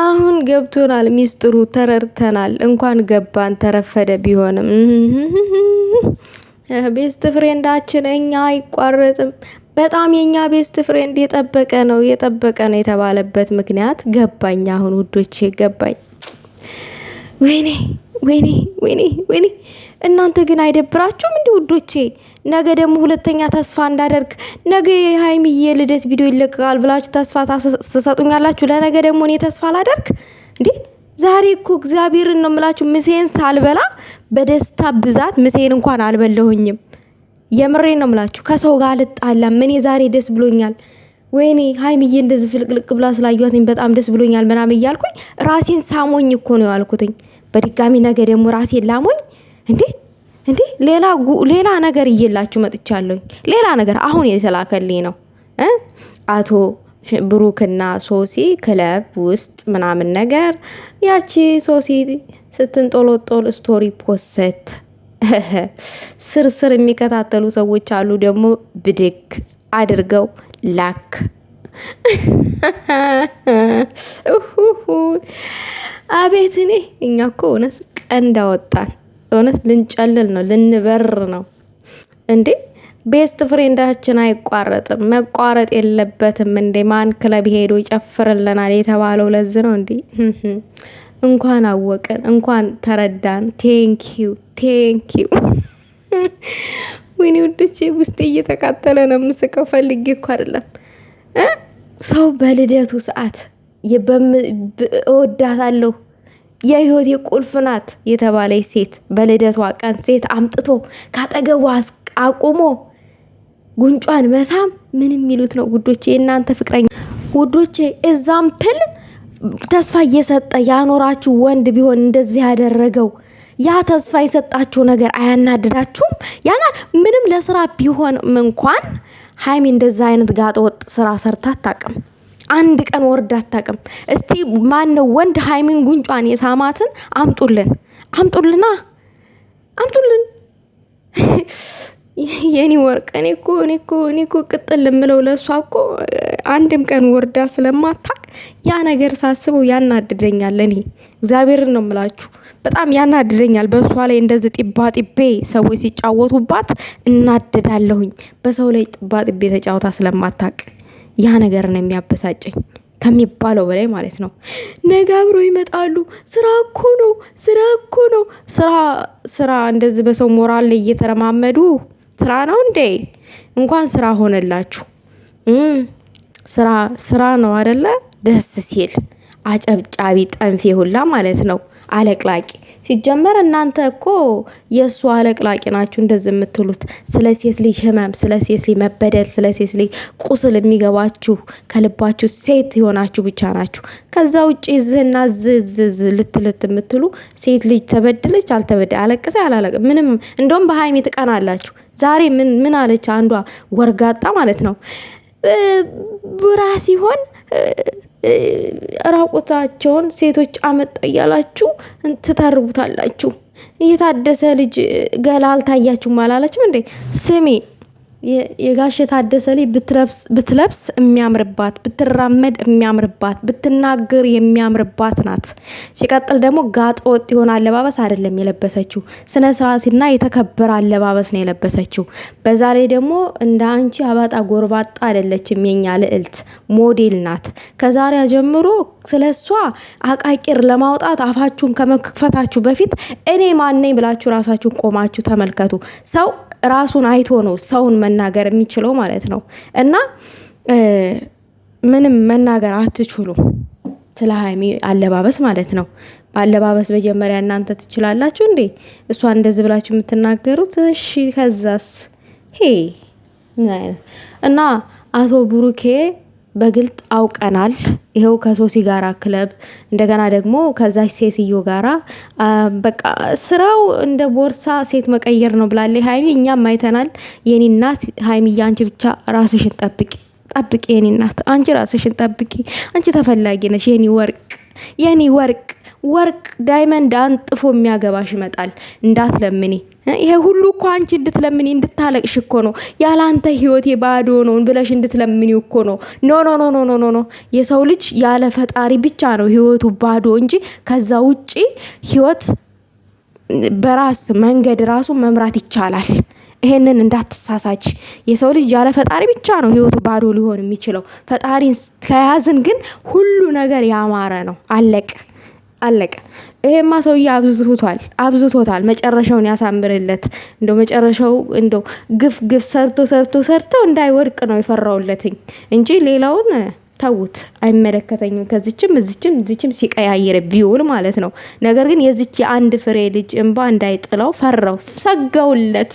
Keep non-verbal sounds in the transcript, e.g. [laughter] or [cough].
አሁን ገብቶናል፣ ሚስጥሩ ተረድተናል። እንኳን ገባን ተረፈደ ቢሆንም ቤስት ፍሬንዳችን እኛ አይቋረጥም። በጣም የእኛ ቤስት ፍሬንድ የጠበቀ ነው የጠበቀ ነው የተባለበት ምክንያት ገባኝ። አሁን ውዶቼ ገባኝ። ወይኔ ወይኔ ወይኔ ወይኔ! እናንተ ግን አይደብራችሁም? እንዲህ ውዶቼ፣ ነገ ደግሞ ሁለተኛ ተስፋ እንዳደርግ ነገ የሀይሚዬ ልደት ቪዲዮ ይለቀቃል ብላችሁ ተስፋ ትሰጡኛላችሁ። ለነገ ደግሞ እኔ ተስፋ አላደርግ እንዴ? ዛሬ እኮ እግዚአብሔር ነው የምላችሁ፣ ምሴን ሳልበላ በደስታ ብዛት ምሴን እንኳን አልበለሁኝም። የምሬ ነው የምላችሁ፣ ከሰው ጋር አልጣላም። እኔ ዛሬ ደስ ብሎኛል። ወይኔ ሀይሚዬ እንደዚህ ፍልቅልቅ ብላ ስላዩት በጣም ደስ ብሎኛል ምናምን እያልኩኝ ራሴን ሳሞኝ እኮ ነው ያልኩትኝ። በድጋሚ ነገ ደግሞ ራሴን ላሞኝ እንዴ እንዴ ሌላ ሌላ ነገር እየላችሁ መጥቻለሁኝ። ሌላ ነገር አሁን የተላከልኝ ነው አቶ ብሩክና ሶሲ ክለብ ውስጥ ምናምን ነገር ያቺ ሶሲ ስትንጦሎጦል ስቶሪ ፖሰት [laughs] ስርስር የሚከታተሉ ሰዎች አሉ። ደግሞ ብድግ አድርገው ላክ [laughs] አቤት እኔ እኛ እኮ እውነት ቀንድ አወጣን። እውነት ልንጨልል ነው ልንበር ነው እንዴ! ቤስት ፍሬንዳችን አይቋረጥም፣ መቋረጥ የለበትም እንዴ! ማን ክለብ ሄዶ ይጨፍርልናል የተባለው ለዝ ነው እንዴ? እንኳን አወቅን፣ እንኳን ተረዳን። ቴንኪዩ ቴንኪዩ። ወይኔ ውዶቼ ውስጤ እየተቃጠለ ነው። ምስቀው ፈልጌ እኮ አይደለም። ሰው በልደቱ ሰዓት እወዳታለሁ የህይወቴ ቁልፍ ናት የተባለች ሴት በልደቷ ቀን ሴት አምጥቶ ካጠገቧ አቁሞ ጉንጯን መሳም ምን የሚሉት ነው ውዶቼ? እናንተ ፍቅረኛ ውዶቼ ኤግዛምፕል ተስፋ እየሰጠ ያኖራችሁ ወንድ ቢሆን እንደዚህ ያደረገው ያ ተስፋ የሰጣችሁ ነገር አያናድዳችሁም? ያና ምንም ለስራ ቢሆንም እንኳን ሀይሚ እንደዚህ አይነት ጋጠወጥ ስራ ሰርታ አታውቅም። አንድ ቀን ወርድ አታቅም እስቲ ማነው ወንድ ሀይሚን ጉንጯን የሳማትን አምጡልን፣ አምጡልና አምጡልን። የኔ ወርቅ እኔ እኮ እኔ እኮ እኔ እኮ ቅጥል የምለው ለእሷ እኮ አንድም ቀን ወርዳ ስለማታቅ ያ ነገር ሳስበው ያናድደኛል። እኔ እግዚአብሔርን ነው የምላችሁ፣ በጣም ያናድደኛል። በእሷ ላይ እንደዚህ ጢባ ጢቤ ሰዎች ሲጫወቱባት እናድዳለሁኝ። በሰው ላይ ጢባ ጢቤ ተጫውታ ስለማታቅ ያ ነገር ነው የሚያበሳጨኝ ከሚባለው በላይ ማለት ነው። ነገ አብሮ ይመጣሉ። ስራ እኮ ነው፣ ስራ እኮ ነው። ስራ ስራ እንደዚህ በሰው ሞራል ላይ እየተረማመዱ ስራ ነው እንዴ? እንኳን ስራ ሆነላችሁ። ስራ ስራ ነው አደለ? ደስ ሲል አጨብጫቢ ጠንፌ ሁላ ማለት ነው አለቅላቂ ሲጀመር እናንተ እኮ የእሱ አለቅላቂ ናችሁ እንደዚህ የምትሉት። ስለ ሴት ልጅ ህመም፣ ስለ ሴት ልጅ መበደል፣ ስለ ሴት ልጅ ቁስል የሚገባችሁ ከልባችሁ ሴት የሆናችሁ ብቻ ናችሁ። ከዛ ውጭ ዝህና ዝዝዝ ልትልት የምትሉ ሴት ልጅ ተበድለች አልተበደ አለቅሰ አላለቅ ምንም እንደውም በሀይሚ ትቀናላችሁ። ዛሬ ምን ምን አለች አንዷ ወርጋጣ ማለት ነው ብራ ሲሆን ራቁታቸውን ሴቶች አመጣ እያላችሁ ትተርቡታላችሁ። የታደሰ ልጅ ገላ አልታያችሁም አላላችሁም እንዴ? ስሚ የጋሽ ታደሰ ላይ ብትለብስ የሚያምርባት፣ ብትራመድ የሚያምርባት፣ ብትናገር የሚያምርባት ናት። ሲቀጥል ደግሞ ጋጠ ወጥ የሆነ አለባበስ አይደለም የለበሰችው፣ ስነ ስርዓትና የተከበረ አለባበስ ነው የለበሰችው። በዛ ላይ ደግሞ እንደ አንቺ አባጣ ጎርባጣ አይደለችም። የኛ ልዕልት ሞዴል ናት። ከዛሬያ ጀምሮ ስለ እሷ አቃቂር ለማውጣት አፋችሁን ከመክፈታችሁ በፊት እኔ ማነኝ ብላችሁ ራሳችሁን ቆማችሁ ተመልከቱ ሰው ራሱን አይቶ ነው ሰውን መናገር የሚችለው ማለት ነው። እና ምንም መናገር አትችሉ ስለ ሀይሚ አለባበስ ማለት ነው። በአለባበስ መጀመሪያ እናንተ ትችላላችሁ እንዴ? እሷ እንደዚህ ብላችሁ የምትናገሩት እሺ፣ ከዛስ ሄ እና አቶ ብሩኬ በግልጥ አውቀናል። ይኸው ከሶሲ ጋራ ክለብ እንደገና ደግሞ ከዛች ሴትዮ ጋራ በቃ ስራው እንደ ቦርሳ ሴት መቀየር ነው ብላለች ሀይሚ። እኛም አይተናል። የኔ እናት ሀይሚዬ፣ አንቺ ብቻ ራስሽን ጠብቂ ጠብቂ። የኔ እናት አንቺ ራስሽን ጠብቂ። አንቺ ተፈላጊ ነች የኔ ወርቅ፣ የኔ ወርቅ ወርቅ ዳይመንድ አንጥፎ የሚያገባሽ ይመጣል። እንዳት ለምኔ ይሄ ሁሉ እኮ አንቺ እንድትለምኒ እንድታለቅሽ እኮ ነው። ያለ አንተ ህይወቴ ባዶ ነው ብለሽ እንድትለምኒ እኮ ነው። ኖ ኖ ኖ ኖ ኖ ኖ። የሰው ልጅ ያለ ፈጣሪ ብቻ ነው ህይወቱ ባዶ እንጂ ከዛ ውጪ ህይወት በራስ መንገድ ራሱ መምራት ይቻላል። ይሄንን እንዳትሳሳች። የሰው ልጅ ያለ ፈጣሪ ብቻ ነው ህይወቱ ባዶ ሊሆን የሚችለው። ፈጣሪን ከያዝን ግን ሁሉ ነገር ያማረ ነው። አለቀ አለቀ። ይሄማ ሰውዬ አብዝቶታል አብዝቶታል። መጨረሻውን ያሳምርለት። እንደው መጨረሻው እንደው ግፍ ግፍ ሰርቶ ሰርቶ ሰርቶ እንዳይወድቅ ነው የፈራውለትኝ እንጂ ሌላውን ተውት፣ አይመለከተኝም። ከዚችም እዚችም እዚችም ሲቀያየር ቢውል ማለት ነው። ነገር ግን የዚች የአንድ ፍሬ ልጅ እንባ እንዳይጥለው ፈራው፣ ሰጋውለት።